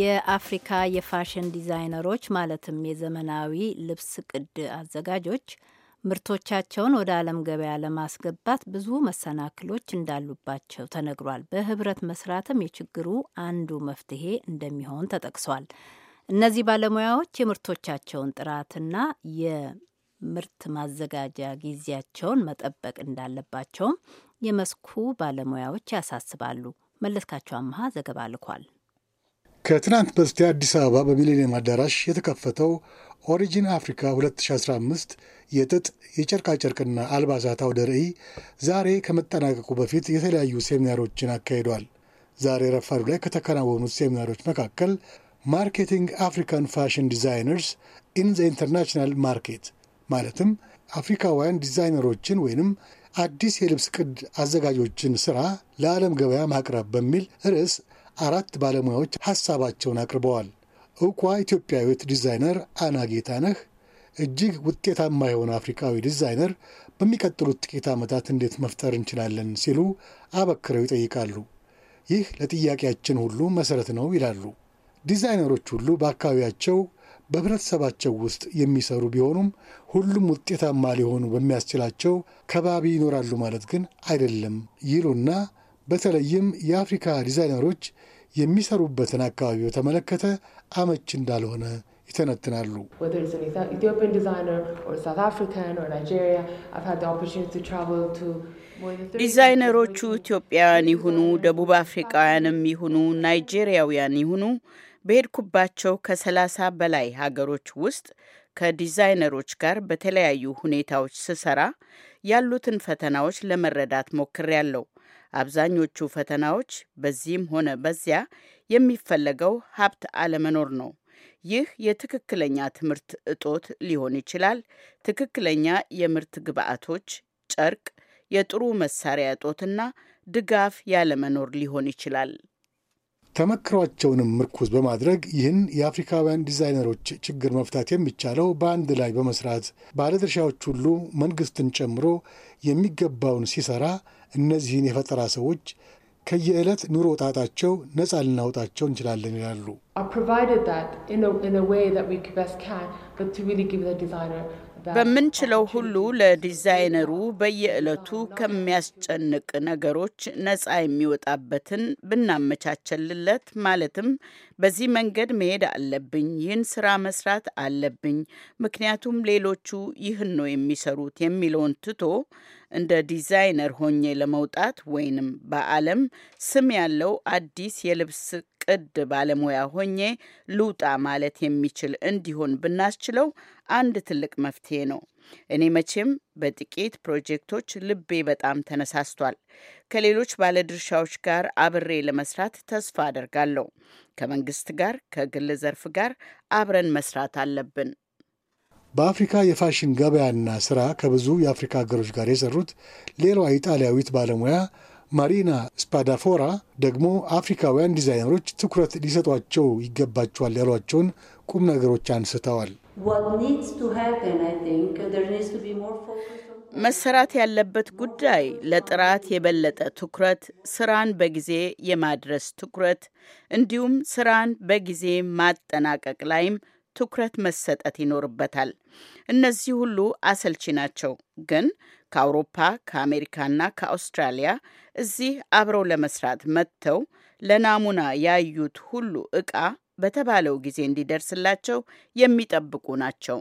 የአፍሪካ የፋሽን ዲዛይነሮች ማለትም የዘመናዊ ልብስ ቅድ አዘጋጆች ምርቶቻቸውን ወደ ዓለም ገበያ ለማስገባት ብዙ መሰናክሎች እንዳሉባቸው ተነግሯል። በህብረት መስራትም የችግሩ አንዱ መፍትሄ እንደሚሆን ተጠቅሷል። እነዚህ ባለሙያዎች የምርቶቻቸውን ጥራትና የምርት ማዘጋጃ ጊዜያቸውን መጠበቅ እንዳለባቸውም የመስኩ ባለሙያዎች ያሳስባሉ። መለስካቸው አመሀ ዘገባ ልኳል። ከትናንት በስቲያ አዲስ አበባ በሚሊኒየም አዳራሽ የተከፈተው ኦሪጂን አፍሪካ 2015 የጥጥ የጨርቃጨርቅና አልባሳት አውደ ርዕይ ዛሬ ከመጠናቀቁ በፊት የተለያዩ ሴሚናሮችን አካሂዷል። ዛሬ ረፋዱ ላይ ከተከናወኑት ሴሚናሮች መካከል ማርኬቲንግ አፍሪካን ፋሽን ዲዛይነርስ ኢን ዘ ኢንተርናሽናል ማርኬት ማለትም አፍሪካውያን ዲዛይነሮችን ወይንም አዲስ የልብስ ቅድ አዘጋጆችን ስራ ለዓለም ገበያ ማቅረብ በሚል ርዕስ አራት ባለሙያዎች ሀሳባቸውን አቅርበዋል። እውቋ ኢትዮጵያዊት ዲዛይነር አና ጌታነህ እጅግ ውጤታማ የሆነ አፍሪካዊ ዲዛይነር በሚቀጥሉት ጥቂት ዓመታት እንዴት መፍጠር እንችላለን ሲሉ አበክረው ይጠይቃሉ። ይህ ለጥያቄያችን ሁሉ መሠረት ነው ይላሉ። ዲዛይነሮች ሁሉ በአካባቢያቸው በህብረተሰባቸው ውስጥ የሚሰሩ ቢሆኑም ሁሉም ውጤታማ ሊሆኑ በሚያስችላቸው ከባቢ ይኖራሉ ማለት ግን አይደለም ይሉና በተለይም የአፍሪካ ዲዛይነሮች የሚሰሩበትን አካባቢ በተመለከተ አመች እንዳልሆነ ይተነትናሉ። ዲዛይነሮቹ ኢትዮጵያውያን ይሁኑ ደቡብ አፍሪካውያንም ይሁኑ ናይጄሪያውያን ይሁኑ በሄድኩባቸው ከሰላሳ በላይ ሀገሮች ውስጥ ከዲዛይነሮች ጋር በተለያዩ ሁኔታዎች ስሰራ ያሉትን ፈተናዎች ለመረዳት ሞክሬያለሁ። አብዛኞቹ ፈተናዎች በዚህም ሆነ በዚያ የሚፈለገው ሀብት አለመኖር ነው። ይህ የትክክለኛ ትምህርት እጦት ሊሆን ይችላል። ትክክለኛ የምርት ግብዓቶች፣ ጨርቅ፣ የጥሩ መሳሪያ እጦትና ድጋፍ ያለመኖር ሊሆን ይችላል። ተመክሯቸውንም ምርኩዝ በማድረግ ይህን የአፍሪካውያን ዲዛይነሮች ችግር መፍታት የሚቻለው በአንድ ላይ በመስራት ባለድርሻዎች ሁሉ መንግስትን ጨምሮ የሚገባውን ሲሰራ እነዚህን የፈጠራ ሰዎች ከየዕለት ኑሮ ጣጣቸው ነፃ ልናውጣቸው እንችላለን ይላሉ። በምንችለው ሁሉ ለዲዛይነሩ በየዕለቱ ከሚያስጨንቅ ነገሮች ነፃ የሚወጣበትን ብናመቻቸልለት፣ ማለትም በዚህ መንገድ መሄድ አለብኝ፣ ይህን ስራ መስራት አለብኝ፣ ምክንያቱም ሌሎቹ ይህን ነው የሚሰሩት የሚለውን ትቶ እንደ ዲዛይነር ሆኜ ለመውጣት ወይንም በዓለም ስም ያለው አዲስ የልብስ ቅድ ባለሙያ ሆኜ ልውጣ ማለት የሚችል እንዲሆን ብናስችለው አንድ ትልቅ መፍትሄ ነው። እኔ መቼም በጥቂት ፕሮጀክቶች ልቤ በጣም ተነሳስቷል። ከሌሎች ባለድርሻዎች ጋር አብሬ ለመስራት ተስፋ አደርጋለሁ። ከመንግስት ጋር፣ ከግል ዘርፍ ጋር አብረን መስራት አለብን። በአፍሪካ የፋሽን ገበያና ስራ ከብዙ የአፍሪካ ሀገሮች ጋር የሰሩት ሌላዋ ኢጣሊያዊት ባለሙያ ማሪና ስፓዳፎራ ደግሞ አፍሪካውያን ዲዛይነሮች ትኩረት ሊሰጧቸው ይገባቸዋል ያሏቸውን ቁም ነገሮች አንስተዋል። መሰራት ያለበት ጉዳይ ለጥራት የበለጠ ትኩረት፣ ስራን በጊዜ የማድረስ ትኩረት እንዲሁም ስራን በጊዜ ማጠናቀቅ ላይም ትኩረት መሰጠት ይኖርበታል። እነዚህ ሁሉ አሰልቺ ናቸው፣ ግን ከአውሮፓ ከአሜሪካና ከአውስትራሊያ እዚህ አብረው ለመስራት መጥተው ለናሙና ያዩት ሁሉ እቃ በተባለው ጊዜ እንዲደርስላቸው የሚጠብቁ ናቸው።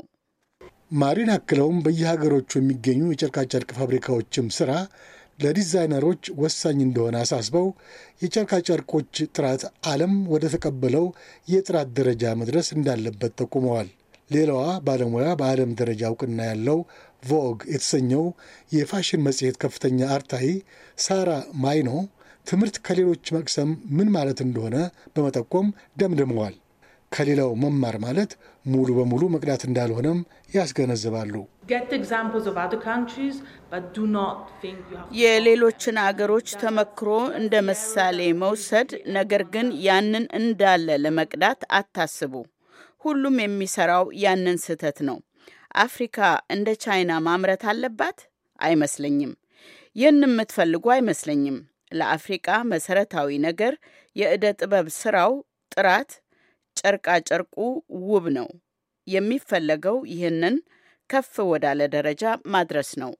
ማሪን አክለውም በየሀገሮቹ የሚገኙ የጨርቃጨርቅ ፋብሪካዎችም ስራ ለዲዛይነሮች ወሳኝ እንደሆነ አሳስበው የጨርቃጨርቆች ጥራት ዓለም ወደ ተቀበለው የጥራት ደረጃ መድረስ እንዳለበት ጠቁመዋል። ሌላዋ ባለሙያ በዓለም ደረጃ እውቅና ያለው ቮግ የተሰኘው የፋሽን መጽሔት ከፍተኛ አርታይ ሳራ ማይኖ ትምህርት ከሌሎች መቅሰም ምን ማለት እንደሆነ በመጠቆም ደምድመዋል። ከሌላው መማር ማለት ሙሉ በሙሉ መቅዳት እንዳልሆነም ያስገነዝባሉ። የሌሎችን አገሮች ተመክሮ እንደ ምሳሌ መውሰድ፣ ነገር ግን ያንን እንዳለ ለመቅዳት አታስቡ። ሁሉም የሚሰራው ያንን ስህተት ነው። አፍሪካ እንደ ቻይና ማምረት አለባት አይመስለኝም። ይህን የምትፈልጉ አይመስለኝም። ለአፍሪቃ መሰረታዊ ነገር የእደ ጥበብ ስራው ጥራት ጨርቃጨርቁ ውብ ነው። የሚፈለገው ይህንን ከፍ ወዳለ ደረጃ ማድረስ ነው።